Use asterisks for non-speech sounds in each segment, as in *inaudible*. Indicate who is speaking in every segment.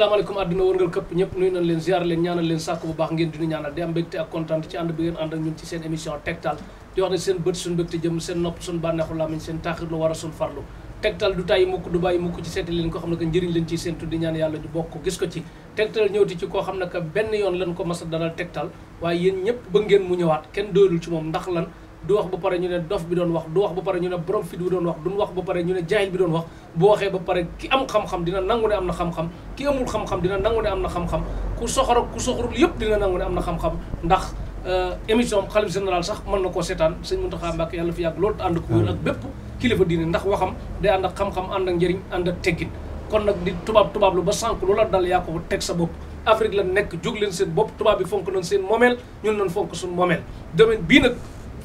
Speaker 1: asalaamaaleykum àdduna wërngal këpp ñëpp nuyu nañ leen ziar leen ñaanal leen sàkk bu baax ngeen diñu ñaanal di am mbégte ak kontaan ci ànd bi ngeen ànd ak ñun ci seen émission tegtal di wax ne seen bët suñ mbégte jëm seen nopp suñ bànneexu làmmiñ seen taaxirlu war a suñ farlu tegtal du tàyyi mukk du bàyyi mukk ci seeti leen ko xam ne que njëriñ leen ci seen tuddi ñaan yàlla ñu bokk gis ko ci tegtal ñëwti ci koo xam ne que benn yoon lañ ko mas a dalal tegtal ñëpp ba ngeen mu ñëwaat kenn doylu ci moom lan du wax ba pare ñu ne dof bi doon wax du wax ba pare ñu ne borom fit bi doon wax duñ ba pare ñu ne jaahil bi doon wax bu waxee ba pare ki am xam-xam dina nangu ne am na xam-xam ki amul xam dina nangu ne am na xam-xam ku soxor ak ku soxorul yëpp dina nangu ne am na xam-xam ndax euh, émission xalif général sax mën na koo seetaan sëñ Mountakha Mbacké yàlla fi yàgg loolu te ànd ak wér ak bépp kilifa diine ndax waxam day ànd ak xam-xam ànd ak njëriñ ànd ak teggin kon nag di tubaab tubaab lu ba sànq loola dal yaa ko teg sa bopp Afrique la nekk jóg leen seen bopp tubaab bi fonk nañ seen moomeel ñun nañ fonk suñ moomeel domaine bii nag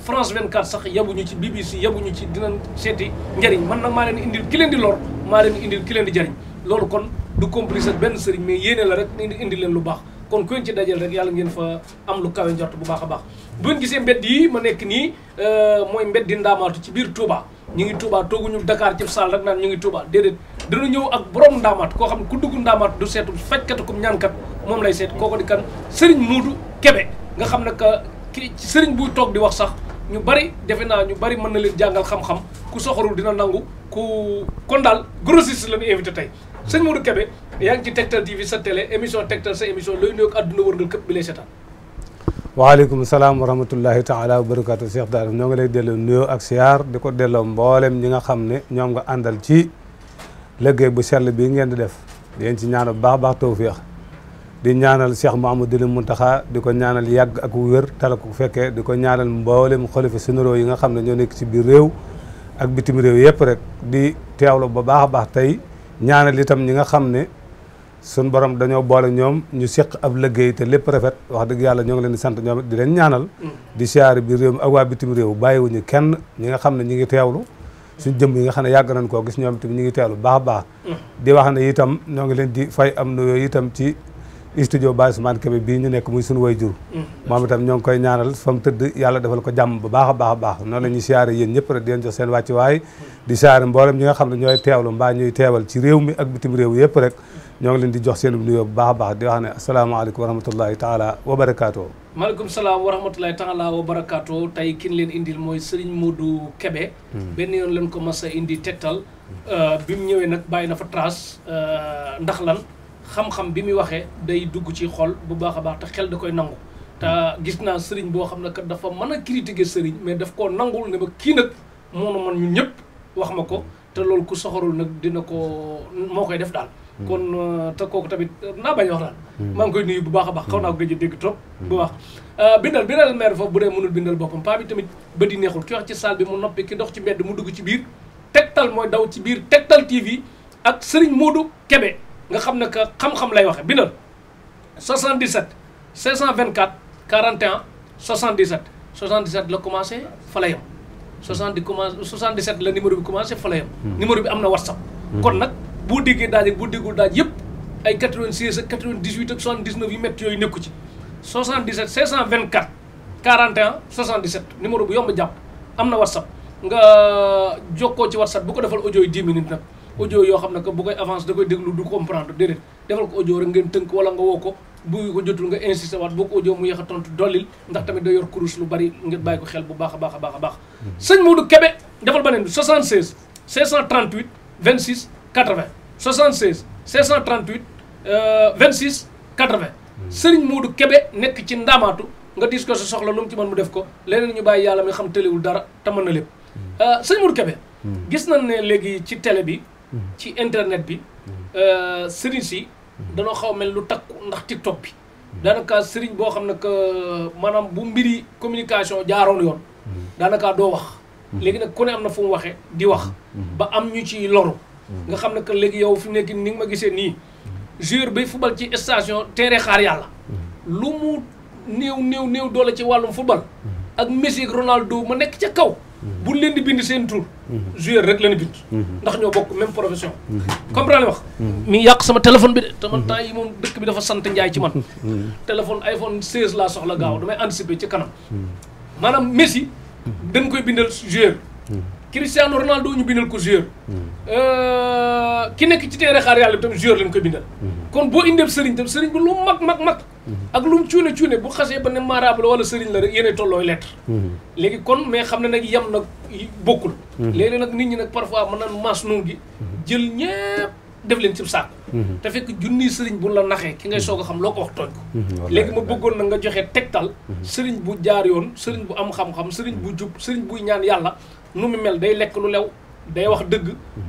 Speaker 1: France 24 sax yabuñu ci BBC yabuñu ci dinañ seeti njëriñ man nag maa leen indil ki leen di lor maa leen indil ki leen di jëriñ loolu kon du complice ak benn sëriñ mais yéene la rek indi leen lu baax kon ku rek yàlla ngeen fa am lu kawe bu baax a baax bu ngeen gisee yi ma nekk nii euh, mooy mbedd ci biir Touba ñu ngi Touba tooguñu Dakar ci saal rek naan ñu ngi Touba déedéet dana ñëw ak borom ndaamaat xam ne ku dugg ndaamaat du seetu fajkat ak ñaankat moom lay seet kooko di kan sëriñ Muudu Kebe nga xam ne que ki sëriñ buy toog di wax sax ñu bari defe naa ñu bari mën na leen jàngal xam-xam ku soxorul dina nangu ku kon daal grossiste la ñu invité tey sëñ Modou Kébé yaa ngi ci Tektal TV sa télé émission Tektal sa émission looy lay seetaan
Speaker 2: waaleykum salaam wa rahmatullahi taala wa barakatu Cheikh Daara ñoo ngi lay delloo nuyoo ak siyaar di ko delloo mbooleem ñi nga xam ne ñoom nga àndal ci liggéey bu sell bii ngeen di def yéen ci ñaanu baax baax tawféex di ñaanal Cheikh Mouhamadoul Mountakha di ko ñaanal yàgg ak wér tala ko fekkee di ko ñaanal mboolem xalifa généraux yi nga xam ne ñoo nekk ci biir réew ak bitim réew yëpp rek di teewlu ba baax a baax tey ñaanal itam ñi nga xam ne suñ borom dañoo boole ñoom ñu seq ab liggéey te lépp rafet wax dëgg yàlla ñoo ngi leen di sant ñoom di leen ñaanal mm. di siyaare biir réew mi ak waa bitim réew bàyyiwuñu kenn ñi nga xam ne ñi ngi teewlu suñ jëm yi nga xam ne yàgg nañ koo gis ñoom itam ñi ngi teewlu baax a baax mm. di wax ne itam ñoo ngi leen di fay am nuyoo itam ci studio Baye Ousmane Kébé bii ñu nekk muy suñu wayjur mm. moom itam ñoo ngi koy ñaanal fa tëdd yàlla defal ko jàmm bu baax a baax a baax noonu la ñuy siyaare yéen ñëpp rek di leen jox seen wàccuwaay mm. di siyaare mboolem ñi nga xam ne ñooy teewlu mbaa ñuy teewal ci réew mi ak bitim réew yëpp rek ñoo ngi leen di jox seen nuyoo bu baax a baax di wax ne asalaamaaleykum wa rahmatullahi taala wa barakaatu
Speaker 1: maaleykum salaam wa wa barakaatu tey kin leen indil mooy Serigne Modou Kébé mm. benn yoon leen ko mas a indi tegtal euh, bi mu ñëwee nag bàyyi na fa trace euh, ndax lan xam-xam bi muy waxee day dugg ci xol bu baax a baax te xel da koy nangu te gis naa sëriñ boo xam ne kat dafa mën a critiquer sëriñ mais daf koo nangul ne ba kii nag moonu man ñun ñëpp wax ma ko te loolu ku soxorul nag dina ko moo koy def daal hmm. kon euh, te kooku tamit euh, naa bañ wax daal hmm. maa ngi koy nuyu bu baax a baax xaw naa ko gëj a dégg trop hmm. bu baax euh, bindal bindal maire bu dee mënul bindal boppam paa bi tamit ba di neexul ki wax ci bi mu noppi ki ndox ci mbedd mu dugg ci biir Tektal mooy daw ci biir Tektal TV ak Serigne Modou Kébé nga xam ne que xam-xam lay waxe bindal 77 524 41 77 77 la commencé fa la yem 70 commencé 77 la numéro bi commencé fa la yem. Hmm. bi am na WhatsApp. Hmm. kon nag boo déggee daaj ak boo déggul daaj yëpp ay 96 ak 98 ak 79 yu métti yooyu nekku ci 77 524 41 77 numéro bu yomb jàpp am na WhatsApp nga euh, jokkoo ci WhatsApp bu ko defal audio yi 10 minutes nag. audio yoo xam ne ko bu koy avance da koy déglu du comprendre déedéet defal ko audio rek ngeen tënk wala nga woo ko bu ko jotul nga insisté waat boo ko audio mu yéex a tontu dollil ndax tamit da yor kurus lu bari ngeen bàyyi ko xel bu baax a baax a baax a baax mhm. sëñ Modou Kébé defal beneen bi 76 538 26 80 76 538 26 80 sëriñ nekk ci ndaamaatu nga diis ko sa soxla lu mu ci mën mu def ko leneen ñu bàyyi yàlla mi xam tëlewul dara te mën na lépp mhm. euh, sëñ Modou Kébé mhm. gis nañ ne léegi ci télé bi ci internet bi mm. euh, sëriñ si mm. danoo xaw mel lu takku ndax TikTok bi mm. daanaka sëriñ boo xam ne que euh, maanaam bu mbiri communication jaaroon yoon daanaka doo wax léegi nag ku ne am na fu mu waxee di wax ba am ñu ci loru nga xam ne que léegi yow fi nekk ni nga ma gisee nii joueur bi football ci station teere xaar yàlla lu mu néew néew néew doole ci wàllum football ak Messi ak Ronaldo ma nekk ca kaw buñ leen di bind seen tur mhm. joueur rek lañu bind mhm. ndax ñoo bokk même profession mhm. comprendre li wax mi ngi yàq sama téléphone bi de te man yi moom dëkk bi dafa sant njaay ci man téléphone iPhone 16 laa soxla gaaw damay anticiper ci kanam maanaam Messi dañ koy bindal joueur Cristiano Ronaldo ñu bindal ko joueur euh, ki nekk ci teere xaar yàlla bi tam joueur lañ koy bindal kon boo indee sëriñ tam sëriñ bi lu mag mag mag mhm. ak lu mu cuune cuune bu xasee ba ne maaraab la wala sëriñ la rek yéenay tollooy lettre mhm. léegi kon mais xam ne nag yem nag bokkul mhm. léeg-léeg nag nit ñi nag parfois mën naan maas noonu gi jël ñëpp def leen ci sàkku te fekk junni sëriñ bu la naxee ki ngay soog xam loo ko wax tooñ ko léegi ma bëggoon na nga joxee tegtal sëriñ bu jaar yoon sëriñ bu am xam-xam sëriñ bu jub sëriñ buy ñaan yàlla nu mu mel day lekk lu lew day wax dëgg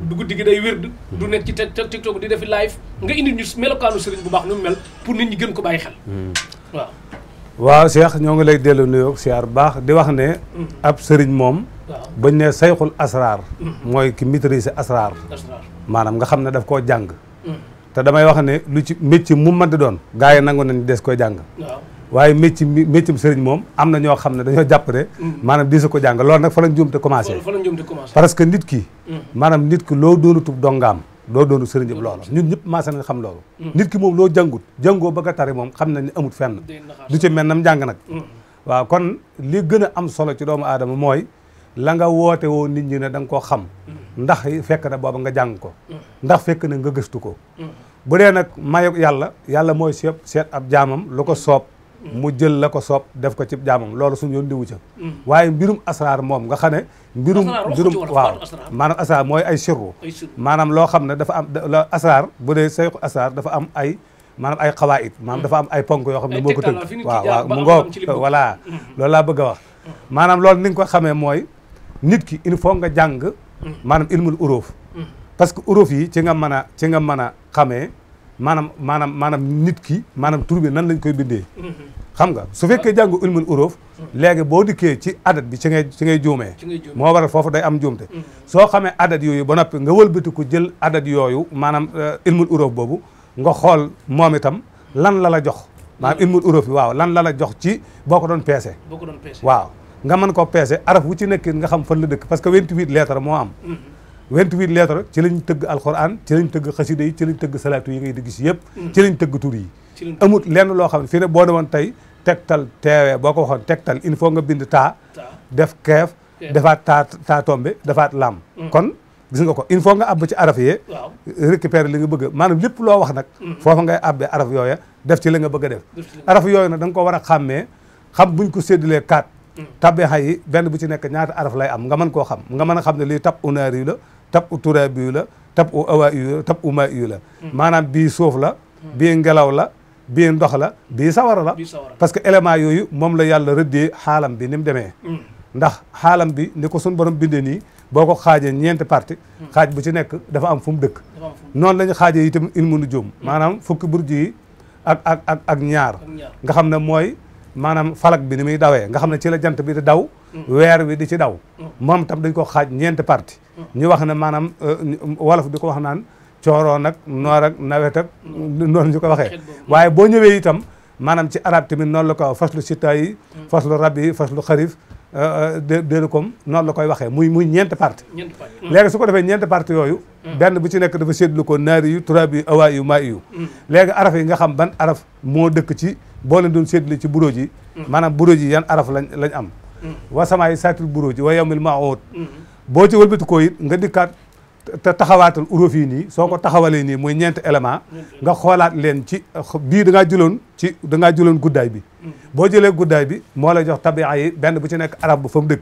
Speaker 1: du guddi gi day wérd du nekk ci tiktok di defi live nga indi ñu melokaanu sëriñ bu baax nu mu mel pour nit ñi gën ko bàyyi xel hmm. waaw
Speaker 2: waaw Cheikh ñoo ngi lay dellu nuyoo siyaar baax di wax ne hmm. ab sëriñ moom bañ ne sayxul asraar hmm. mooy ki maîtriser asraar maanaam nga xam ne daf koo jàng te damay wax ne lu ci métier mu mën di doon gars yi nangu nañ des koy jàng waaye métti métti sëriñ moom am na ñoo xam ne dañoo jàpp ne mm. maanaam di sa ko jàng loolu nag fa la njuumte commencé parce que nit ki mm. maanaam nit ki loo doonutub dongaam doo doonu sëriñ yëpp loolu ñun ñëpp maasé nañ xam loolu mm. nit ki moom loo jàngut jàngoo bëgg a tari moom xam nañ ne amut fenn du ci mel nam jàng nag waaw kon li gën a am solo ci doomu aadama mooy la nga woote woo nit ñi ne da nga koo xam ndax fekk na booba nga jàng ko ndax fekk na nga gëstu ko bu dee nag mayu yàlla yàlla mooy seet seet ab jaamam lu ko soob mu jël la ko soob def ko ci jaamam loolu suñu yoon diwu ca waaye mbirum asraar moom nga xam ne mbirum mbirum waaw maanaam asraar mooy ay sirru maanaam loo xam ne dafa am asraar bu dee sayxu asraar dafa am ay maanaam ay xawaayit maanaam dafa am ay ponk yoo xam ne moo ko tënk waaw waaw mu ngoog voilà mm-hmm. loolu laa bëgg wax mm-hmm. maanaam loolu ni ko xamee mooy nit ki il faut nga jàng mm-hmm. maanaam ilmul uróof parce que uróof yi ci nga mën a ci nga a maanaam maanaam maanaam nit ki maanaam tur bi nan lañ koy bindee mm-hmm. xam nga su fekkee jàngu ilmul uruf mm-hmm. léegi boo dikkee ci adat bi ci ngay ci ngay juumee moo waral foofu day am juumte mm-hmm. soo xamee adat yooyu ba noppi nga wëlbati ko jël adat yooyu maanaam euh, ilmul uruf boobu nga xool moom itam lan la la jox maanaam ilmul uruf bi lan la la jox ci boo ko doon peese waaw nga man ko peese araf wu ci nekk nga xam fan la dëkk parce que 28 lettres moo am 28 lettres ci lañ tëgg alxuraan ci lañ tëgg xasida yi ci lañ tëgg salaatu yi ngay di gis yëpp mm. ci lañ tëgg tur yi amut lenn loo xam ne fii ne boo ne woon tey tegtal teewee boo ko waxoon tegtal in faut nga bind taa def keef defaat taa taa tombe defaat lam mm. kon gis nga ko il faut nga àbb ci araf yee li nga bëgg maanaam lépp loo wax nag mm. foofa ngay àbbee araf yooya def ci li nga bëgg def araf yooyu nag da nga ko war a xàmmee xam buñ ko séddalee quatre tabexa yi benn bu ci nekk ñaata araf lay am nga mën koo xam nga mën a xam ne lii tab unaari la tab u turaab yu la tab u awaa yu la hmm. maanaam bii suuf la hmm. bii ngelaw la bii ndox la bii sawara la parce que élément yooyu moom la yàlla rëddee xaalam bi ni mu demee hmm. ndax xaalam bi ni ko suñu borom bindee nii boo ko xaajee ñeenti parti xaaj bu ci nekk dafa am fu mu dëkk noonu la ñu xaajee itam ilmu nujum maanaam fukki burj yi ak ak ak ak ñaar nga xam ne mooy maanaam falak bi ni muy dawee nga xam ne ci la jant bi di daw weer wi di ci daw moom tam dañ ko xaaj ñeenti parti ñu wax ne maanaam euh, wolof di ko wax naan cooroon ak noor ak nawet ak ñu ko waxee waaye boo ñëwee itam maanaam ci arab tamit noonu la ko faslu sita yi mm. faslu rab yi faslu xarif euh, euh, déedéet comme noonu la koy waxee muy muy ñeenti parti mm. léegi su ko defee ñeenti parti yooyu mm. benn bu ci nekk dafa séddlu ko naari yu turaab yu awaa yu maa yu léegi araf yi nga xam ban araf moo dëkk ci boole leen doon séddli ci buróoj yi maanaam buróoj yi yan araf lañ lañ am wa samaay saatil buróoj wa yawmil maoot boo ci wëlbati ko nga dikkaat te taxawaatal uróof yi nii soo ko taxawalee nii mooy ñeenti élément nga xoolaat leen ci uh, bii da ngaa jëloon ci da ngaa jëloon guddaay bi boo jëlee guddaay bi moo lay jox tabia yi benn bu ci nekk arab bu fa mu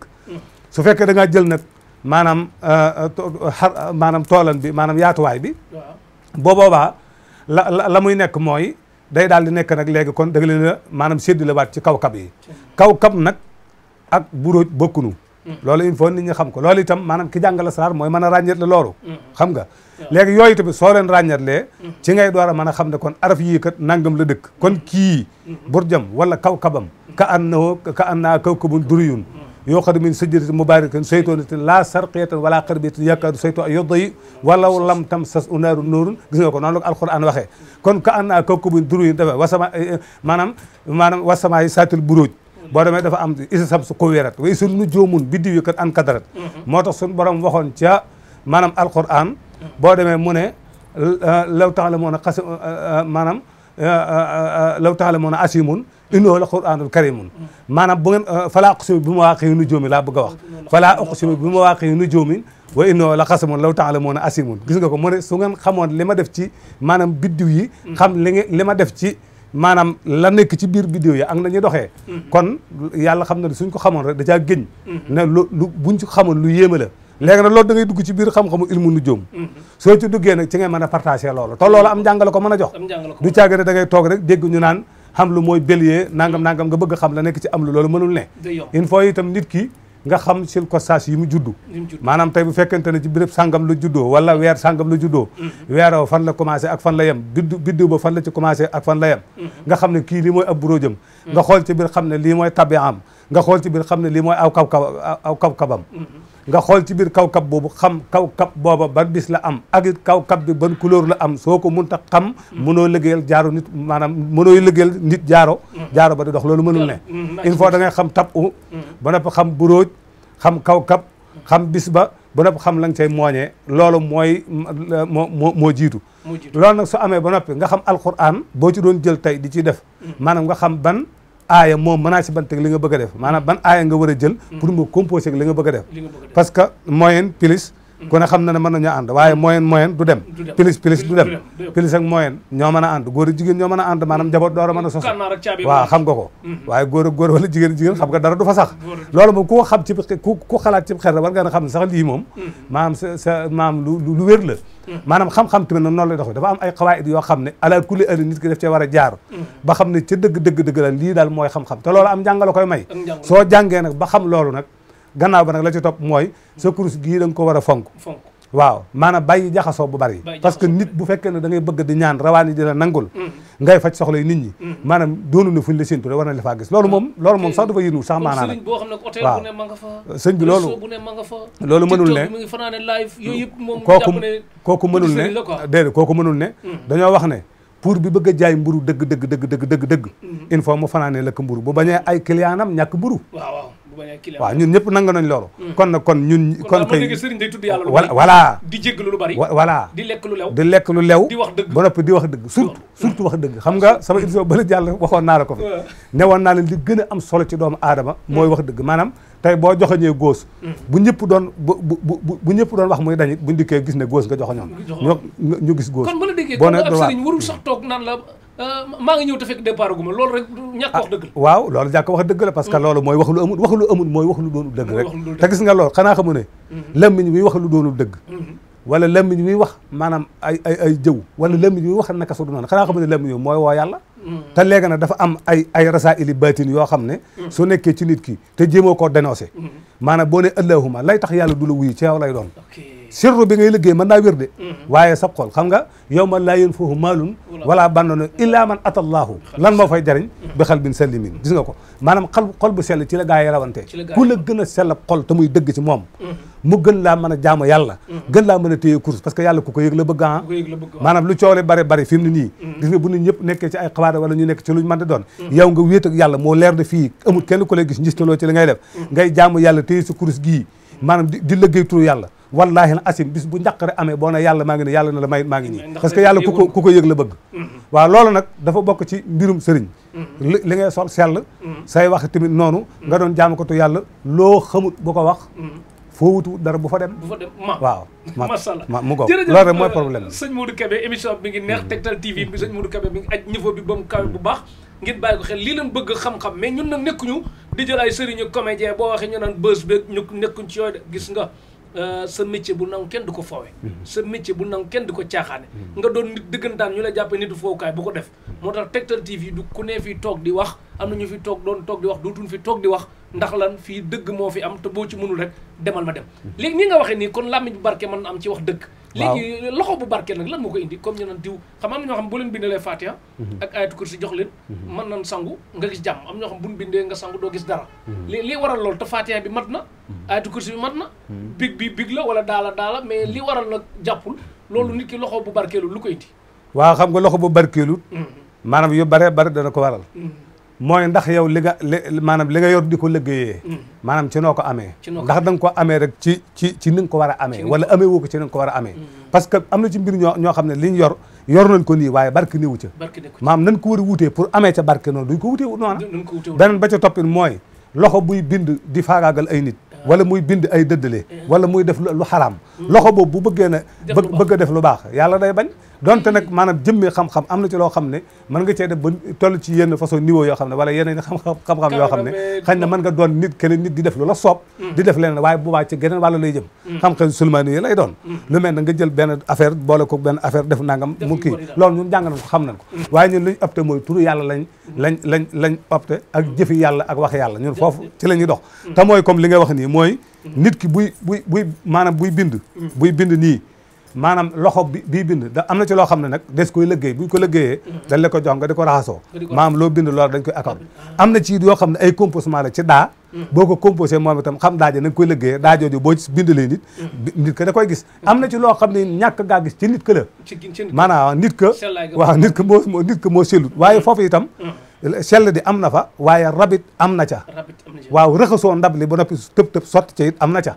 Speaker 2: su fekkee da jël nag maanaam uh, uh, a maanaam toolan bi maanaam yaatuwaay bi boo boobaa la la muy nekk mooy day daal di nekk nag léegi kon da nga leen a maanaam séddale ci kaw-kab yi kaw-kab nag ak buroj bokkunu loolu il faut nit ñi xam ko lool itam maanaam ki jàngal asraar mooy mën a ràññetle loolu mm-hmm. xam ga léegi yooyu tamit soo leen ràññetlee mm-hmm. ci ngay door a mën a xam ne kon araf yii kat nangam la dëkk kon kii mm-hmm. burjam wala kawkabam ka an na annahu ka annaa kawkabun duriyun yoo xam ne min sajaratin mubarakatin saytoonatin laa sarqiyatan wala xarbiyatin yakaadu saytu ay yodda yi walaw lam tam sas unaaru nuurun gis nga ko noonu la ko alxuraan waxee kon ka annaa kawkabun duriyun dafa wasama eh, eh, maanaam maanaam wasamaay saatil buróoj boo demee dafa am isa sab su ko wérat way sun nu joomun biddiw yi kat an kadarat mm-hmm. moo tax sun borom waxoon ca maanaam alquran mm-hmm. boo demee mu ne law taalamuuna xas uh, uh, maanaam uh, law taalamuuna asimun innahu la quraanul karimun mm-hmm. maanaam bu ngeen falaa uqsimu bi mawaaqi'i nujoomi laa bëgg a wax falaa uqsimu bi mawaaqi'i nujoomi wa innahu la qasamun law taalamuuna asimun gis nga ko mu ne su ngeen xamoon li ma def ci maanaam biddiw yi xam li def ci maanaam la nekk ci biir bidéo yi ak na ñuy doxee mm-hmm. kon yàlla xam na ne suñ ko xamoon rek da caa géñ mm-hmm. ne lu lu buñ ci xamoon lu yéeme la léegi nag loolu da ngay dugg ci biir xam-xamu ilmu nu joom mm-hmm. soo ci duggee nag ci ngay mën a partagé loolu te loolu am njàngale ko mën a jox du caagi ne da ngay toog rek dégg ñu naan xam lu mooy bélier nangam nangam nga bëgg xam la nekk ci am lu loolu mënul ne il faut itam nit ki nga xam circonstances yi mu juddu maanaam tey bu fekkente ne ci béréb sangam la juddoo wala weer sangam la juddoo mm-hmm. weeroo fan la commencé ak fan la yem biddu biddiw ba fan la ci commencé ak fan la yem mm-hmm. nga xam ne kii lii mooy ab mm-hmm. nga xool ci biir xam ne lii mooy tabiam nga xool ci biir xam ne lii mooy aw kaw kaw aw kaw kabam nga xool ci biir kawkab boobu xam kawkab booba ban bis la am ak it kawkab bi ban couleur la am soo ko mun mënta xam mm. mënoo liggéeyal jaaro nit maanaam mënooy liggéeyal nit jaaro mm. jaaro ba di dox loolu mënul ne il mm. faut da ngay xam tab u ba noppi xam buróoj xam kawkab xam bis ba ba noppi xam la nga cay mooñee loolu mooy moo moo jiitu loolu nag su amee ba noppi nga xam alquran boo ci doon jël tey di ci def maanaam nga xam ban aaya moom management ak li nga bëgg a def maanaam ban aaya nga war jël pour mu composer ak li nga def parce que moyenne plus ku ne xam na ne mën nañoo ànd waaye moyenne moyenne du dem pilis pilis du dem pilis ak moyenne ñoo mën a ànd góor jigéen ñoo mën a ànd maanaam mm. njaboot door a mën a sos waaw xam nga ko mm-hmm. waaye góor ak góor jigéen jigéen xam nga dara du fa sax loolu moom ku ko xam ci ku ku xalaat ci xel war nga xam ne sax lii moom mm. maanaam sa sa maanaam lu lu wér la mm. maanaam xam-xam tamit noonu lay doxee dafa am ay xawaayit yoo xam ne ala kulli ali nit ki daf cee war a jaar ba xam ne ca dëgg dëgg lii daal mooy xam te loolu am njàng la koy may soo jàngee nag ba loolu nag gannaaw ba nag la ci top mooy sa kurus gii da nga ko war a fonk waaw maanaam bàyyi jaxasoo bu bari parce que nit bu fekkee ne da ngay bëgg di ñaan rawaan yi di la nangul mm. ngay faj soxla nit ñi mm. maanaam doonu na fuñ la séntu rek war na la faa gis loolu moom loolu moom sax dafa yéenu sax maanaam nag waaw sëñ bi loolu loolu mënul ne
Speaker 1: kooku kooku mënul ne
Speaker 2: déedéet kooku mënul ne mm. dañoo wax ne pour bi bëgg jaay mburu dëgg dëgg dëgg dëgg dëgg mm-hmm. il faut mu fanaanee lëkk mburu bu bañee ay client am ñàkk mburu
Speaker 1: waaw ñun ñëpp
Speaker 2: nangu nañ loolu hmm. kon nag kon ñun kon kay
Speaker 1: sëriñ di lekk lu lew di di wax
Speaker 2: dëgg ba noppi di dëgg surtout hmm. surtout wax dëgg xam nga sama émission bële jàll waxoon naa la ko fi hmm. ne woon naa leen li a am solo ci doomu aadama mooy wax dëgg maanaam tey boo joxoñee góos bu ñëpp doon bu bu bu ñëpp doon wax muy dañit buñ dikkee gis ne góos nga joxoñoon ñu ñu gis góos kon bu la déggee kon ab sëriñ
Speaker 1: warul sax toog naan la Euh, maa ngi ñëw te fekk départ gu ma loolu rek ñàkk ah, wax dëgg
Speaker 2: waaw loolu ñàkk wax dëgg la parce que mm. loolu mooy wax lu amul wax lu amul mooy wax lu doonul dëgg rek te gis nga loolu xanaa xamu ne mm-hmm. làmmiñ wax lu doonul dëgg mm-hmm. wala làmmiñ bi wax maanaam ay ay ay jëw wala làmmiñ wax na su du noonu xanaa xamu ne làmmiñ mooy woo yàlla te léegi nag dafa am ay ay baatin yoo xam ne. Mm. su nekkee ci nit ki te jéemoo koo dénoncé. Mm. maanaam boo ne allahuma lay tax yàlla du la wuyu ci yow lay sirru bi ngay liggéey mën naa wér de. Mm-hmm. waaye sab xol xam nga yow ma laa yanfa'u maalun wala banuun illaa man ataa Allaahu lan moo fay jariñ mm-hmm. bi xalbin salimin gis nga ko maanaam xal xol bu sell ci la gaa yi rawante ku la gën a sell xol muy dëgg ci moom mm-hmm. mu gën laa mën a jaamu gën laa mën a aada wala ñu nekk ci luñ mën di doon yow nga wéet ak yàlla moo leer de fii amul kenn ku lay gis njistaloo ci li ngay def ngay jaamu yàlla téye sa kurus gii maanaam di lëggéey turu yàlla wallahi na asim bis bu njàqare amee boo ne yàlla maa ngi na la may maa ngi nii parce que yàlla ku mm-hmm. nag dafa bokk ci mbirum sëriñ mm-hmm. li ngay sol sell mm-hmm. say wax tamit noonu nga doon jaamu ko tu yàlla loo xamut bu ko foo wutu dara bu fa dem. bu fa dem ma waaw. ma allah ma mu ko loolu rek mooy problème bi.
Speaker 1: sëñ Modou émission bi ngi neex hmm. Tektal TV bi sëñ Modou Kébé bi ngi aj niveau bi ba mu kawe bu baax. ngeen bàyyi ko xel lii leen bëgg xam-xam mais ñun nag nekkuñu di jël ay sëriñu comédien boo waxee ñu naan bës beeg ñu nekkuñ ci yooyu gis nga. Euh, sa métier bu nangu kenn du ko foowe hmm. sa métier bu nangu kenn du ko caaxaane hmm. nga doon nit dëggantaan ñu la jàppee nitu foowukaay bu ko def moo tax Tektal TV du ku ne fi toog di wax am na ñu fi toog doon toog di wax dootuñ fi toog di wax ndax lan fii dëgg moo fi am te boo ci mënul rek demal ma dem léegi nii nga waxee nii kon làmmiñ bu barke mën na am ci wax dëgg léegi loxo bu barke nag lan moo ko indi comme ñu naan xam ñoo xam bu leen bindalee Fatiha mhm. ak ayatul kursi jox leen mhm. mën nga gis jàmm am ñoo xam buñ bindee nga sangu doo gis dara mhm. li li waral loolu te Fatiha bi mat na ayatul kursi bi mat na big bi big la wala daala daala mais li waral nag jàppul loolu nit loxo bu barkeelu lu ko indi
Speaker 2: waaw xam nga loxo bu barkeelu maanaam yu bare bare dana ko waral mooy ndax yow li nga li maanaam li nga yor di ko liggéeyee mm. maanaam ci noo ko amee ndax da nga ko amee rek ci ci ci ko war a amee wala amee woo ko ci ni ko war a amee mm. parce que am na ci mbir ñoo ñoo xam ne li ñu yor yor nañ ko ni waaye barke néewu ca maanaam nañ ko war a wutee pour amee ca barke noonu duñ ko wutee noona beneen ba ca toppin mooy loxo buy bind di faagaagal ay nit ah. wala muy bind ay dëddale eh. wala muy def lu xaraam mm. loxo boobu bu bëggee na bëgg a def lu baax yàlla day ban donte nag maanaam jëmmee xam-xam am na ci loo xam ne mën nga cee def ba toll ci yenn façon niveau yoo xam ne wala yeneen xam-xam yoo xam ne xañ na mën nga doon nit kene nit di def lu la soob hmm. di def leneen waaye boobaa ci geneen wàll lay jëm hmm. xam-xam sulmaani yi lay doon hmm. lu mel na nga jël benn affaire boole ko ben affaire def nangam mu kii loolu ñun jàng nañ ko xam nañ ko waaye ñun lañ opté mooy turu yàlla lañ lañ lañ lañ opté ak jëfi yàlla ak wax yàlla ñun foofu ci la ñuy dox te mooy comme li nga wax nii mooy nit ki buy buy buy maanaam buy bind buy bind nii maanaam loxo bii bind da am na ci loo xam ne nag des koy liggéey buñ ko liggéeyee mm-hmm. dañ la ko jox di ko raxasoo maanaam loo bind loolu dañ koy accordé mm-hmm. am na ci yoo xam ne ay composement la ci daa mm-hmm. boo ko composé moom itam xam daaje na nga koy liggéeyee daa jooju boo ci bindalee nit nit ka da koy gis am na ci loo xam ne ñàkk gaa gis ci nit ka la maanaam nit ka waaw nit ka moo nit ka moo sellut waaye foofu itam sell di am na fa waaye rabit am na ca waaw rëxasoo ndab li ba noppi tëb tëb sotti ca am na ca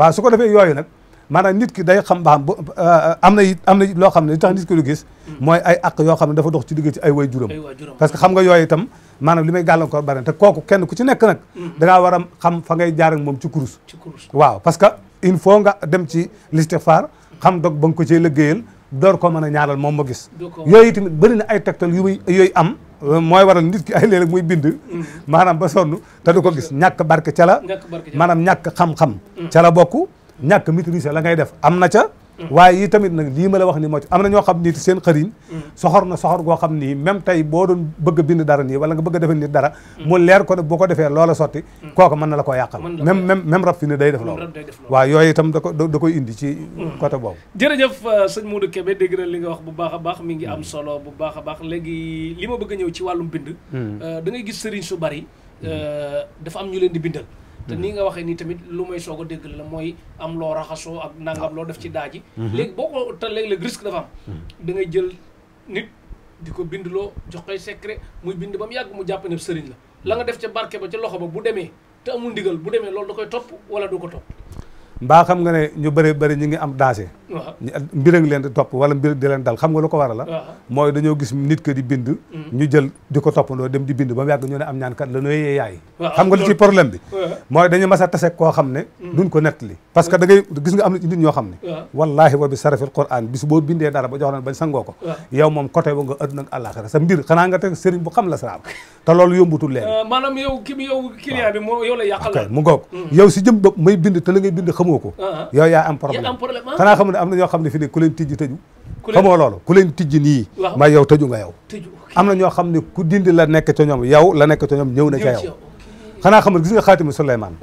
Speaker 2: waaw su ko defee yooyu nag maanaam nit ki day xam ba xam euh, am na it am na loo xam ne li tax nit ki du gis mooy ay àq yoo xam ne dafa dox ci digg ci ay way juram parce que xam nga yooyu itam maanaam li may gàllankoor bari te kooku kenn ku ci nekk nag mm-hmm. da ngaa war a xam fa jaar ak moom ci kurus waaw parce que il faut nga dem ci listixfaar xam dog ba nga ko cee liggéeyal door ko mën a ñaanal moom ma gis yooy tamit bëri na ay tegtal yu muy yooyu am mooy waral nit ki ay léeg-léeg muy bind mm-hmm. maanaam ba sonn te du ko gis ñàkk barke ca la maanaam ñàkk xam mm. ca la bokk ñàkk maîtriser la ngay def am na ca waaye yi tamit nag lii ma la wax ni moo ci am na ñoo xam ni seen xëriñ soxor na soxor goo xam nii même tey boo doon bëgg bind dara nii wala nga bëgg a defal dara mu leer ko boo ko defee loola sotti kooku mën na la koo yàqal même même même rab fi ne day def loolu waaw yooyu tam da ko da koy indi ci mm. côté boobu
Speaker 1: jërëjëf euh, sëñ Modou Kébé dégg na li nga wax bu baax a baax mi ngi am solo bu baax a baax léegi li ma bëgg a ñëw ci wàllum bind mm. euh, da ngay gis sëriñ su bari euh, dafa am ñu leen di bindal te nii nga waxee nii tamit lu may soog a dégg la mooy am loo raxasoo ak nangam loo def ci daa ji mhm. léegi boo ko te léeg-léeg risque dafa am mhm. da jël nit di ko bind loo jox koy secret muy bind ba mu yàgg mu jàpp ne sëriñ la la nga def ca barke ba ca loxo ba bu demee te amul ndigal bu demee loolu da koy topp wala du ko topp
Speaker 2: mbaa xam nga ne ñu bëri bëri ñu ngi am daase mbir a ngi leen di topp wala mbir di leen dal xam nga lu ko waral la mooy dañoo gis nit que di bind mm-hmm. ñu jël di ko toppandoo dem di bind ba mu yàgg ñu ne am ñaankat la nooyee yaay xam nga lu ci problème bi mooy dañu mas a tase koo xam ne mm. duñ ko nettali parce que da ngay gis nga am na ci nit ñoo xam ne wallahi wa bi sarafil quran bis boo bindee dara ba jox leen bañ sangoo ko yow moom côté ba nga àdduna ak àllaaxira sa mbir xanaa nga teg sëriñ bu xam la saraab te loolu yombutul leen euh,
Speaker 1: maanaam yow ki yow client bi moo yow la yàqal mu ngoog mm.
Speaker 2: yow si jëm bopp may bind te la ngay bind xamu xamoo ko ah, ah. yow yaa am problème ah. xanaa xam ne am na ñoo xam ne fi ne ku leen tijji tëju xamoo loolu ku leen tijji nii ma yow nga yow am na ñoo xam ne ku dindi la nekk ca ñoom yow la nekk ca ñoom ñëw na ca yow xanaa xam ne gis nga xaatimu Suleymaan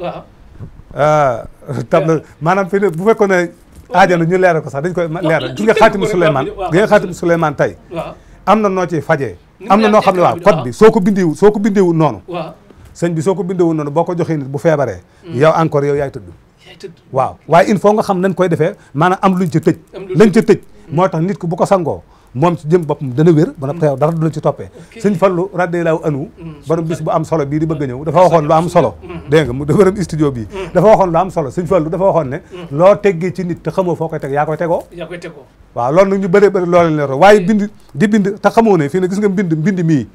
Speaker 2: tam na maanaam fi ne bu fekkoon ne aajana ñu leeral ko sax dañ koy leeral gis nga xaatimu Suleymaan gis nga am na noo ciy fajee am na noo xam ne waaw code bi soo ko bindeewu soo ko noonu sëñ bi soo ko bindewul noonu boo ko joxee bu feebaree mm. yow encore yow yaay tëdd waaw waaye il faut nga xam nañ koy defee maanaam am luñ ca tëj lañ ca tëj moo tax nit ku bu ko sangoo moom ci jëm boppam dana wér ba noppi dara du la ci toppee sëñ Fallu radiyallaahu anhu mm. borom bis bu am solo bii di bëgg a ñëw dafa waxoon lu am mm. solo mm. dégg nga mu borom studio bii dafa waxoon lu am solo sëñ Fallu dafa waxoon ne loo teggee ci nit te xamoo foo koy teg yaa koy tegoo yaa koy tegoo waaw loolu nag ñu bëree bëri loolu leen waaye bind di bind te xamoo ne fii ne gis nga mbind mii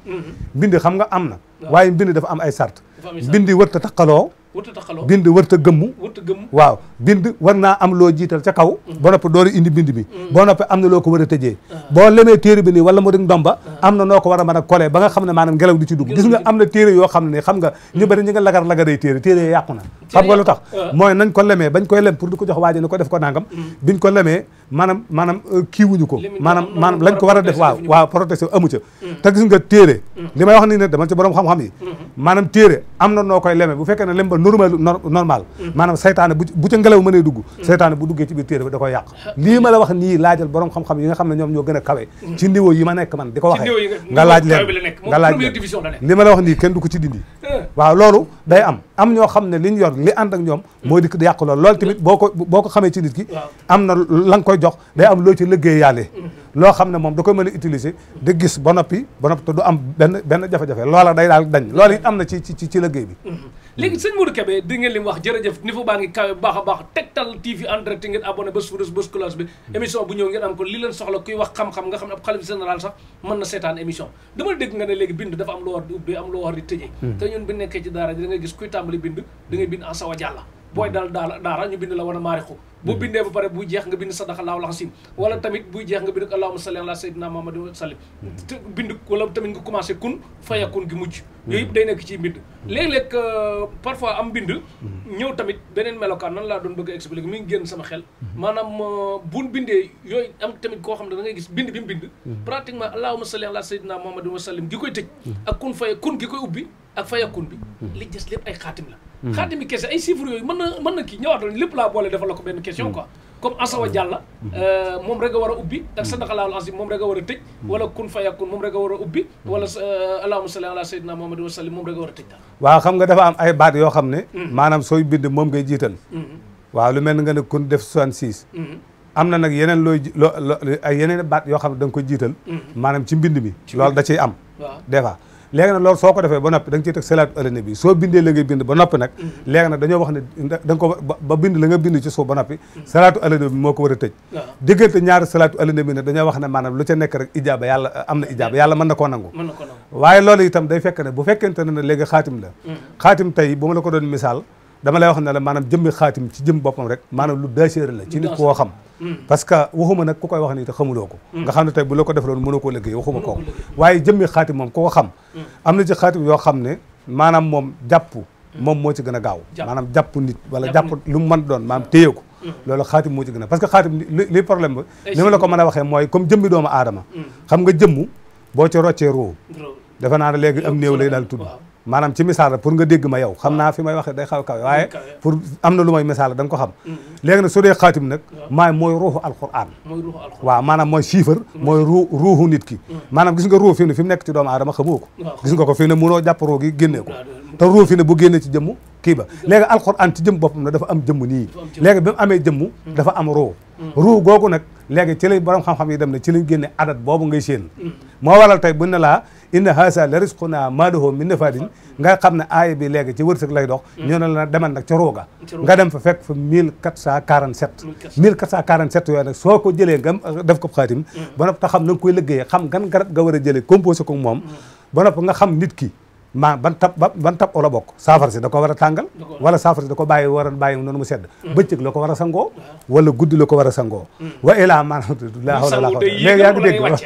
Speaker 2: mbind xam nga am na waaye mbind dafa am ay sart mbind wër ta taqaloo wërta taxaloo bind gëmmu wërta gëmmu waaw am loo jiital ca kaw mm. ba noppi door indi bind bi mm. boo noppi am na loo ko war a tëjee ah. boo lemee téere bi nii wala mu dik ah. am na noo ko war a mën a coller ba nga xam ne maanaam ngelaw di ci dugg gis nga am na téere yoo xam ne xam nga mm. ñu bari ñi ah. ko lemee bañ lemee maanaam maanaam euh, kiiwuñu ko maanaam maanaam lañ a def waaw waaw protection amu ca te gis nga téere nii ne dama ci borom xam-xam yi mm-hmm. maanaam téere am na noo koy bu fekkee ne normal normal mm. maanaam saytaane bu ca ngelaw mënee dugg mm. saytaane bu duggee ci biir téere bi da koy yàq lii la wax nii laajal borom xam-xam yi nga xam ne ñoom ñoo gën a kawe mm. ci niveau yi ma nekk man di ko waxee nga laaj ah. am am xam ne li ñu yor li ànd ak ñoom mooy dikk di yàq loolu loolu tamit boo ko boo ko xamee ci nit ki am na la nga koy jox day am loo ci liggéey yàlle mm-hmm. loo xam ne moom da ko mën a utiliser di gis ba noppi ba noppi te am benn benn jafe-jafe loola day daal dañ loolu it am na ci ci ci liggéey bi
Speaker 1: mm-hmm. léegi sëñ Modou Kébé di ngeen lim wax jërëjëf niveau baa ngi kawe baax a baax Tektal TV en direct ngeen abonné ba suurus ba cloche bi hmm. émission bu ñëw ngeen am ko li leen soxla kuy wax xam-xam nga xam ne ab xalif général sax mën na seetaan émission dama dégg nga ne léegi bind dafa am loo war di ubbee am loo war di tëjee hmm. te ñun bi nekkee ci daara ji da gis kuy tàmbali bind da bind en sawa jàlla booy daal daara daara ñu bind la wan a maarixu bu mm-hmm. bindee ba pare buy jeex nga bind sadaxa laahu laxasim wala tamit buy jeex nga bind allahuma salli ala sayyidina muhammadin wa sallim mm-hmm. bind wala tamit nga commencé kun faya kun gi mujj mm-hmm. yooyu yëpp day nekk ci mbind léeg-léeg euh, parfois am ñëw tamit beneen melokaan nan laa doon bëgg a mi ngi génn sama xel maanaam euh, buñ bindee yooyu am tamit koo xam ne da ngay gis bind bi mu bind pratiquement allahuma salli ala sayyidina muhammadin wa sallim gi koy tëj ak kun faya kun gi koy ubbi ak faya kun bi li des lépp ay xaatim la Mm-hmm. xaati mi question ay chiffres yooyu mën na mën na kii ñëwaatoon lépp laa boole defal la benn question mm-hmm. quoi comme asawa jàlla mm-hmm. euh, moom rek a war a ubbi ak sadaqallahul azim moom rek a war a tëj wala moom rek a war a ubbi wala euh, allahumma salli ala sayyidina wa sallim moom rek a war tëj
Speaker 2: daal waaw xam nga dafa am ay baat yoo xam ne maanaam sooy bind moom ngay jiital waaw lu mel ni nga ne kun def 66 am na nag yeneen looy loo ay yeneen baat yoo xam ne da nga koy jiital maanaam ci mbind mi loolu da ciy am des léegi na lool soo ko defee ba noppi da nga ciy teg salaatu ala nabi soo bindee la ngay bind ba noppi nag mm-hmm. léegi nag dañoo wax ne nga bind la nga bind ci suuf ba noppi salaatu ala nabi moo ko war a tëj diggante ñaari salaatu ala nabi nag dañoo wax ne maanaam lu ca nekk rek ijaaba yàlla eh, am na ijaaba yàlla mën na koo nangu waaye lool itam day fekk ne bu fekkente ne ne léegi xaatim la mm-hmm. xaatim tey bu ma la ko doon misaal dama lay wax ne la maanaam jëmmi xaatim ci jëm boppam rek maanaam lu daseer la ci nit koo xam mm. parce que waxuma nag ku koy wax nii te xamuloo ko mm. nga xam ne tey bu la ko defaloon mënoo koo liggéey waxuma ko waaye jëmmi xaatim moom ku ko xam mm. am na ci xaatim yoo xam ne maanaam moom jàpp moom moo ci gën a gaaw maanaam jàpp nit wala jàpp lu mu mën doon maanaam téye ko loolu xaatim moo ci gën a parce que xaatim li problème ba li ma la ko mën a waxee mooy comme jëmmi doomu aadama xam nga jëmm boo ci roccee roo defe naa ne léegi am néew lay daal tudd maanaam ci misaal la pour nga dégg ma yow xam naa fi may waxe day xaw a kaw waaye pour am na lu may misaal da nga ko xam mm-hmm. léegi nag su dee xaatim nag maay mooy ruuxu alquran waaw maanaam mooy chiffre mooy ruu ruuxu nit ki mm-hmm. maanaam gis nga ruux fi ne fi mu nekk ci doomu aadama xamoo ko gis nga ko fi ne mënoo jàpp ruux gi génnee ko te ruux fi ne bu génnee ci jëmm kii ba léegi alquran ci jëmm boppam na dafa am jëmm nii léegi bi mu amee jëmm mm-hmm. dafa am ruux ruux googu nag léegi ci lay borom xam-xam yi dem ne ci lañ génne adat boobu nga séen moo waral tey buñ ne laa inna haasa la risquna maaluhu min nafaadin nga xam ne aaya bi léegi ci wërsëg lay dox ñu ne la demal nag ca rooga nga dem fa fekk fa 1447 1447 yooyu nag soo ko jëlee nga def ko xaatim mm. ba noppi te xam na nga koy liggéeyee xam gan garab nga war a jëlee composé ko moom mm. ba noppi nga xam nit ki ma ban tab ban tab la bokk saafara si da ko war a tàngal wala saafara si da ko bàyyi war a bàyyi noonu mu sedd mm. bëccëg la ko war a sangoo mm. wala guddi la ko war a sangoo mm. wa ilaa maanaam laa hawla laa xawla léegi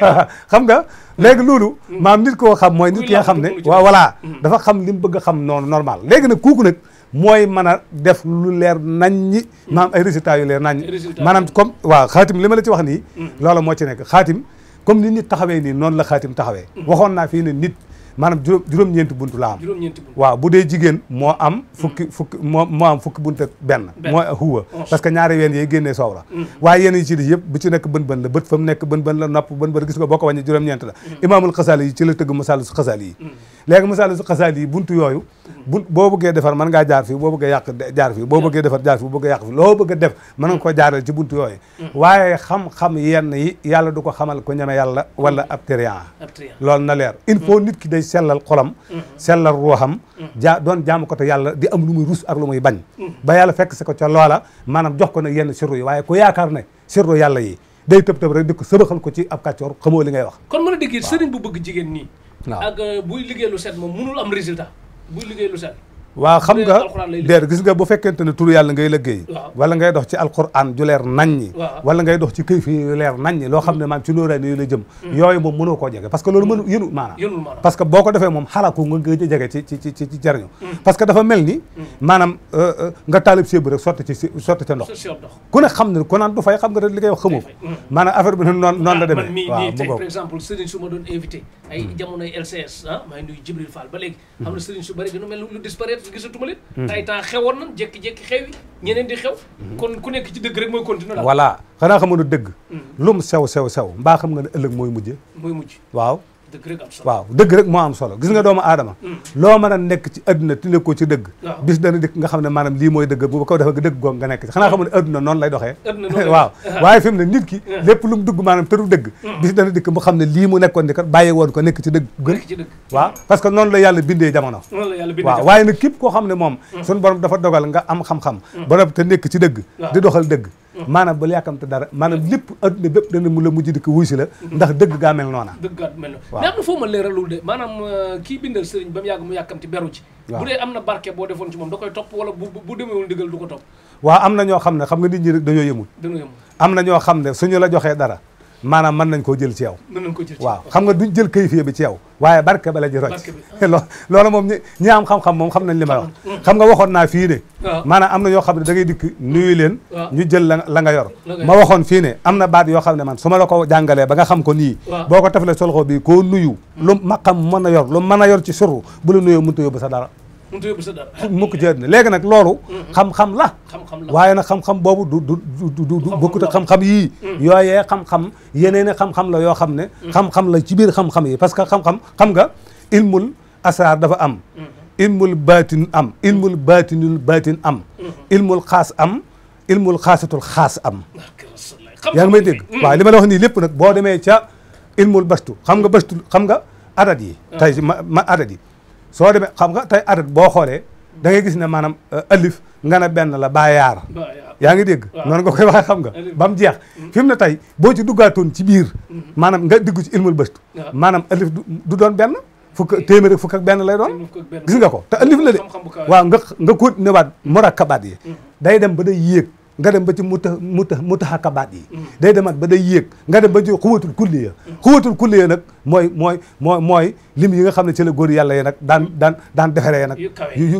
Speaker 2: yaa *laughs* léegi loolu maam nit koo xam mooy nit ki xam ne waaw voilà dafa xam li mu bëgg a xam noonu normal léegi nag kooku nag mooy mën a def lu leer nañ ñi maam ay résultats yu leer nañ ñi maanaam comme waaw xaatim li ma la ci wax nii loola moo ci nekk xaatim comme ni nit taxawee nii noonu la xaatim taxawee waxoon naa fii ne nit maanaam juróom juróom-ñeenti bunt la am waaw bu dee jigéen moo am mm. fukki fukki moo moo am fukki bunt ak benn moo huwa oh. parce que ñaari ween yooyu génnee soow la mm. waaye yeneen yi ci di yëpp bu ci nekk bën la bët fa mu nekk bën bën la nopp bën bën gis nga boo ko wàññi juróom-ñeent la mm. imaamul xasaali yi ci la tëgg masaalu xasaali yi léegi masaalis xasaal yi buntu yooyu bu boo bëggee defar mën ngaa jaar fii boo bëggee yàq jaar fii boo bëggee defar jaar fii boo bëggee yàq fii loo bëgg a def mën ko jaaral ci buntu yooyu mm. waaye xam-xam yi yàlla du ko xamal ko ñeme yàlla wala mm. ab trian loolu na leer il faut mm. nit ki day sellal xolam mm-hmm. sellal ruuxam jaa ko te di am lu muy rus ak lu muy bañ ba yàlla fekk si ko ca loola maanaam jox ko nag yenn sirru yi waaye ku yaakaar ne sirru ko sëbaxal li ngay wax
Speaker 1: kon mën a ak euh, buy liggéey lu set moom mënul am résultat buy liggéey lu set
Speaker 2: waaw xam nga déer gis nga bu fekkente ne turu yàlla ngay liggéey wala ngay dox ci alquran ju leer naññi wala ngay dox ci kayfi yu leer naññi loo xam ne mm. maam ci nóoraani yu la jëm mm. yooyu moom mënoo koo jege parce loolu mm. mënu yënul maanaam parce que boo ko defee moom xalaku nga nga jege ci ci ci ci dafa mel ni maanaam euh, euh, nga taalib séebu rek sotti ci ndox ku ne xam ne ku naan du fay xam nga da li ngay wax xamoo bi noonu noonu la
Speaker 1: ah, demee leen gisatuma leen hmm. te xewoon nañ jékki-jékki xew yi ñeneen di xew hmm. kon ku nekk ci dëgg rek mooy continuer la voilà
Speaker 2: xanaa xam nga ne dëgg hmm. lum sew sew sew mbaa xam nga ne ëllëg mooy mujje mooy mujj waaw waaw dëgg rek moo am solo gis nga doomu adama hmm. loo mën a nekk ci adduna ti nekkoo ci dëgg bis dana dikk nga xam ne maanaam lii mooy dëgg bu ko defee dëgg goog nekk ci xanaa xam ne *laughs* ki hmm. lépp lu mu dugg maanaam tëru dëgg hmm. bis dana dikk mu xam ne lii mu nekkoon di kat woon ko nekk ci dëgg gën waaw parce que noonu la yàlla bindee jamono waaw waaye nag képp koo xam ne moom suñu borom dafa dogal nga am xam-xam borom te nekk ci dëgg di doxal dëgg maanaam bal yàkkamte dara maanaam lépp adduna bépp dana mu la mujj di ko si la mhm. ndax dëgg gaa mel noona
Speaker 1: dëgg gaa mel noona mais am na foo ma leeralul de maanaam euh, kii bindal sëriñ ba mu yàgg mu yàkkamti beru ci bu dee am na barke boo defoon ci moom da koy topp wala bu demeewul ndigal du ko topp
Speaker 2: waaw am na ñoo xam ne xam nga nit ñi rek dañoo yëmul dañoo yëmul am na ñoo xam ne suñu la joxee dara maanaam mën nañ koo jël ci yow mën nañ koo jël ci waaw xam nga duñ jël kayfiya bi ci yow waaye barke ba la ñu rocc *laughs* loolu moom am xam-xam moom xam nañ li ma wax xam nga waxoon naa fii ne maanaam am na ñoo xam ne da ngay dikk nuyu leen ñu jël la nga yor ma waxoon fii ne am na baat yoo xam ne man su ma la ko jàngalee ba nga xam ko nii boo ko tafalee solxo bi koo nuyu lu maqam mën a yor lu mën a yor ci suru bu la nuyoo mënta yóbbu sa dara mënut a yóbbu sa dara *laughs* léegi nag loolu. Mm-hmm. xam-xam la. xam waaye nag xam-xam boobu du du du du du bokkut yii. Mm-hmm. yooyee xam-xam yeneen i xam-xam la yoo xam ne. Mm-hmm. xam-xam la ci biir xam-xam yi parce que xam-xam xam nga ilmul asaar dafa am. ilmul baatin am ilmul baatinul baatin am. ilmul xaas am ilmul xaasatul xaas am. yaa ma may dégg waaw li ma la wax nii lépp nag boo demee ca ilmul bastu xam ga bastu xam nga adat yi. tey ma ma soo demee xam nga tey adat boo xoolee da gis ne maanaam euh, alif nga ne benn la ba yaar yaa ngi dégg noonu nga koy waxee xam nga ba mu jeex mm-hmm. fi mu ne tey boo ci duggaatoon ci biir mm-hmm. maanaam nga diggu ci ilmul bëstu maanaam alif du doon benn fukk téeméer ak fukk benn lay doon gis nga ko te alif la de waaw nga nga kóot newaat murakkabaat yi mm-hmm. day dem ba da yéeg nga dem ba ci muta muta mutaxakabaat yi day demaat ba day yéeg nga dem ba ci xuwatul kulliya xuwatul kulliya nag mooy mooy mooy mooy lim yi nga xam ne ci la góor yàlla yi nag daan daan daan defaree nag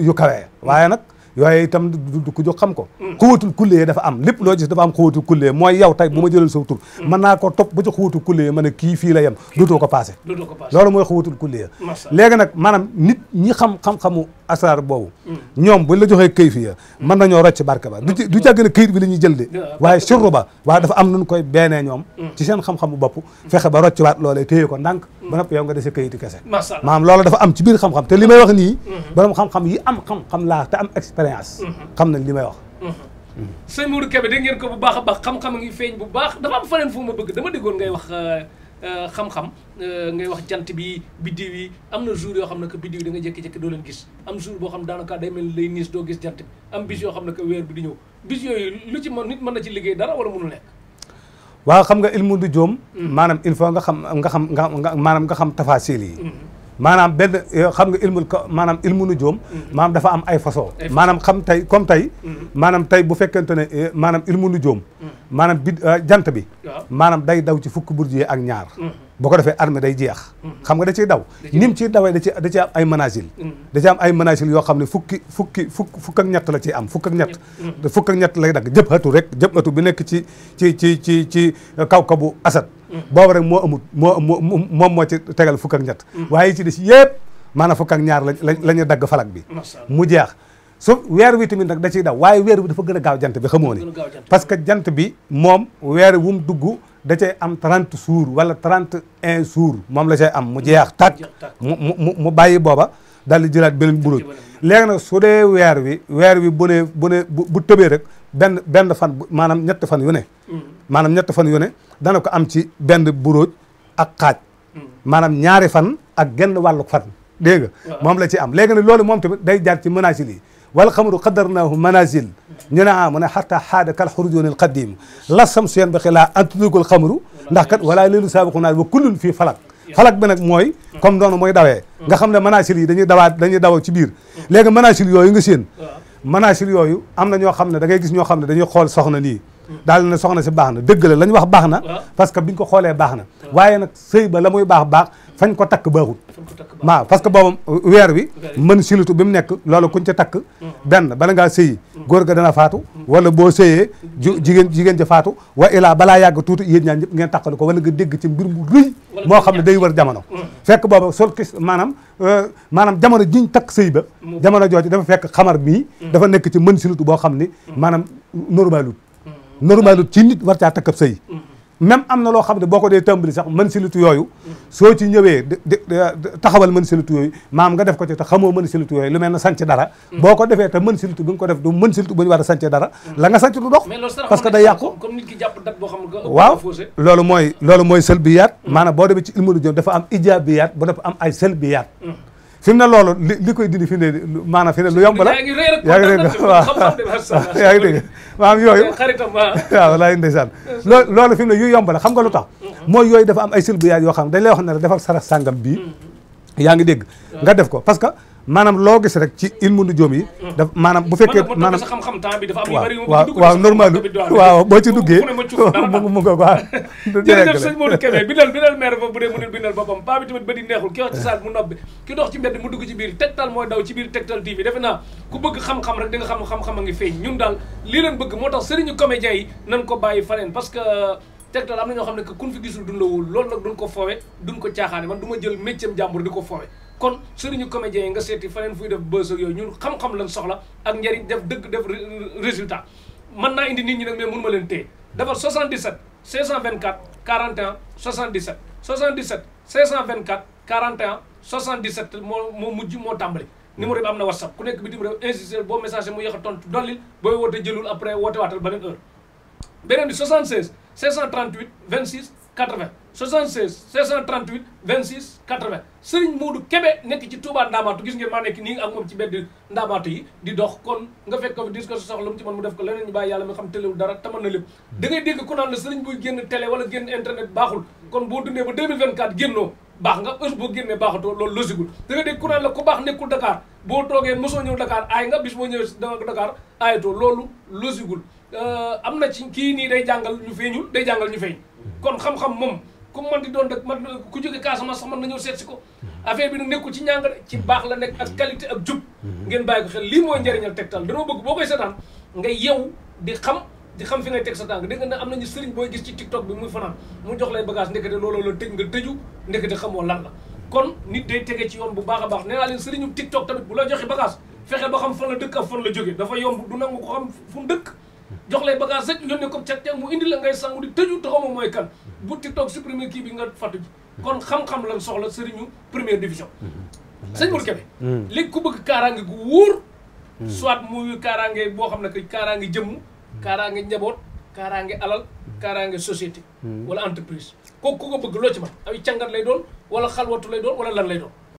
Speaker 2: yu kawe waaye nag yooyu itam du ko jóg xam ko xuwatul kullee dafa am lépp loo gis dafa am xuwatul kullee mooy yow tay bu ma jëlal sa tur mën naa ko topp ba ci xuwatul kullee ma ne kii fii la yem dootoo ko passé loolu mooy xuwatul kullee léegi nag maanaam nit ñi xam xam-xamu asar boobu ñoom buñ la joxee këy fi ya mën nañoo rocc barke ba du jàgg ne këyit bi la ñuy jël de waaye surru ba waaye dafa am nun koy beenee ñoom ci seen xam-xamu bopp mm. fexe ba rocc waat loolee ko ndànk ba noppi yow nga dese kayitu kese maanaam loolu dafa am ci biir xam-xam te li may wax nii mhm. borom xam-xam xam laa te am expérience mhm. xam nañ li may wax
Speaker 1: mhm. sëñ Modou Kébé dégg ngeen ko bu baax a baax xam-xam ngi feeñ bu baax dafa am faneen fu ma bëgg dama déggoon ngay wax euh, euh, xam-xam euh, ngay wax jant bi biddiw yi am na jour yoo xam ne que biddiw yi da nga jékki doo leen gis am jour boo xam daanaka day mel lay niis doo gis jant bi am bis yoo xam ne que weer bi di ñëw bis yooyu lu ci mën nit mën na ci liggéey dara wala mënul nekk
Speaker 2: waaw xam nga ilmu du joom mm. maanaam il faut nga xam nga xam nga maanaam nga xam tafasil yi mm. maanaam benn xam nga ilmul maanaam ilmu nu joom mm. maanaam dafa am ay façon maanaam xam tey comme tey maanaam tey bu fekkente ne eh, maanaam ilmu nu joom maanaam bi ah, jant bi maanaam day daw ci fukki burje ak ñaar boo ko defee armée day jeex xam nga da ciy daw ni mu ciy dawee da ci da ci am ay managil mm. da ci am ay managil yoo xam ne fukki fukki fukk fukk ak ñett la ciy am fukk ak ñett mm. fukk ak ñett lay dagg jëpp atu rek jëpp atu nekk ci ci ci ci ci kaw kabu asad mm. boobu rek moo amut moo moom moo ci tegal fukk ñett waaye ci des yëpp maanaam fukk ak ñaar la la ñu dagg falak bi mu jeex so weer wi tamit nag da ciy daw waaye weer wi dafa gën a gaaw jant bi xamoo ne parce que jant bi moom weer wu mu dugg da cay am trente jours wala trente un jours moom la cay am mu jeex tàkk mu mu mu bàyyi booba daal di jëlaat beneen buróoj léegi nag su dee weer wi weer wi bu ne bu bu tëbee rek benn benn fan maanaam ñetti fan yu ne mm. maanaam ñetti fan yu dana ko am ci benn buróoj ak xaaj mm. maanaam ñaari fan ak genn wàllu fan dégg nga moom la ci am léegi nag loolu moom tamit day jaar ci manaasil yi wala xamru xadarnaahu manaasil ñu ne ah mu ne xarta xaada kal xurujoonil la samsu yan baxi laa antudugul xamaru ndax kat walaa leelu saabiqu naar wa kullun fii falak falak bi nag mooy comme noonu mooy nga xam ne manaasil yi da dawaat dañuy daw ci biir léegi manaasil yooyu nga séen manaasil yooyu am na ñoo xam ne da ngay gis ñoo xam ne dañuy xool soxna nii daal na soxna si baax na dëgg la lañ wax baax na parce que biñ ko xoolee baax na waaye nag sëy ba la muy baax baax fañ ko takk baaxul waaw parce que boobu euh, weer wi mën silutu bi mu nekk loolu kuñ ca takk hmm. benn bala ngaa sëyi hmm. góor ga dana faatu hmm. wala boo sëyee jigéen jigéen ja faatu wa ilaa balaa yàgg tuuti yéen ñaan ñëpp ngeen takkali ko wala nga dégg ci mbir mu rëy moo xam ne day war jamono fekk boobu sol kis maanaam euh, maanaam jamono jiñ takk sëy ba jamono jooju dafa fekk xamar mii dafa nekk ci mën silutu boo xam ni maanaam normalut normalut ci nit war caa takkab sëy même am na loo xam ne boo ko dee tàmbali sax mën silitu yooyu soo ci ñëwee taxawal mën silitu yooyu maam nga def ko ci te xamoo mën silitu yooyu lu mel ne sanc dara mm. boo ko defee te mën silitu bi nga ko def du mën silitu bu ñu war a sanc dara mm. la nga du dox parce que day waaw loolu mooy loolu mooy sël bi yaat mm. maanaam boo demee ci ilmu lu jëm dafa am ijaab bi yaat bu dafa am ay sël bi yaat fi na ne loolu li li koy dindi fi mu ne maanaam lu yomb la yaa ngi dégg waaw *laughs* yaa ngi dégg maanaam yooyu waaw *laughs* walaay ndeysaan loo loolu fi mu ne yu yomb la xam nga lu tax mm-hmm. mooy yooyu dafa am ay silbu yaay yoo xam dañ lay wax ne defal sarax sàngam bii mm-hmm. yaa ngi dégg nga def ko parce que maanaam loo gis rek ci ilmu nujoom yi hmm. daf maanaam bu fekkee maanaam
Speaker 1: waaw waaw normal waaw boo ci duggee *laughs* *laughs* mu
Speaker 2: mu nga waaw *laughs* jërëjëf sëñ Modou Kébé
Speaker 1: bindal bindal maire ba bu dee mu bindal bi tamit xam-xam rek di a ngi feeñ ñun daal lii moo tax sëriñu comédien yi nan ko bàyyi faneen que euh, tegtal am na ñoo xam ne que kun fi gisul dun la loolu nag duñ ko foowe duñ ko caaxaane man du ma jël métier jàmbur di ko foowe kon sëriñu comédiens yi nga seeti faneen fuy def bës yooyu ñun xam-xam lañ soxla ak njariñ def dëgg def résultat mën naa indi nit ñi nag mais mënuma leen téye dafa 77 524 41 77 77 524 41 77 moo moo mujj moo tàmbali numéro bi am na whatsapp ku nekk bitim réew insisté boo message mu yéex tontu dolli booy woote jëlul après woote waatal beneen heure beneen bi 76 538 26 80 76 638 26 80 Serigne Modou Kébé nekk ci Touba Ndamatu gis ngeen maa nekk nii ak moom ci bedd Ndamatu yi di dox kon nga fekk fi dis ko mu ci man mu def ko leneen ñu bàyyi yàlla mi xam téléwul dara taman na lépp hmm. da ngay dégg ku naan la Serigne buy génn télé wala génn internet baaxul kon boo dundee ba 2024 génnoo baax nga heure boo génnee baaxatoo loolu losigul da ngay euh, am na ci kii nii day jàngal ñu day jàngal ñu feeñ kon xam-xam moom comme man di doon rek man ku jóge Casamance sax mën na ñëw seet si ko affaire bi nag nekkul ci ñàng de ci baax la nekk ak qualité ak jub ngeen bàyyi ko xel lii mooy njariñal tegtal dañoo bëgg boo koy seetaan nga yew di xam di xam fi ngay teg sa tànk dégg nga ne am nañu sëriñ booy gis ci tiktok bi muy fanaan mu jox lay bagage ndekete looloo la tëj nga tëju ndekete xamoo lan la kon nit day tege ci yoon bu baax a baax nee naa leen sëriñu tiktok bu la joxe bagage fexe ba xam fan la dëkk ak la jóge dafa yomb du nangu ko xam dëkk jox lay bagage rek yónnee ko cat mu indi la ngay sangu di tëju te xamoo mooy kan mm-hmm. bu TikTok supprimer kii bi nga fàttu ji mm-hmm. kon xam-xam lan soxla sëriñu première division mm-hmm. sëñ Mour Kébé léegi ku bëgg kaaraange gu wóor soit muy kaaraange boo xam ne que kaaraange jëmm kaaraange njaboot kaaraange alal kaaraange société wala entreprise kooku ku ko bëgg loo ci man ay càngat lay doon wala xalwatu lay doon wala lan lay doon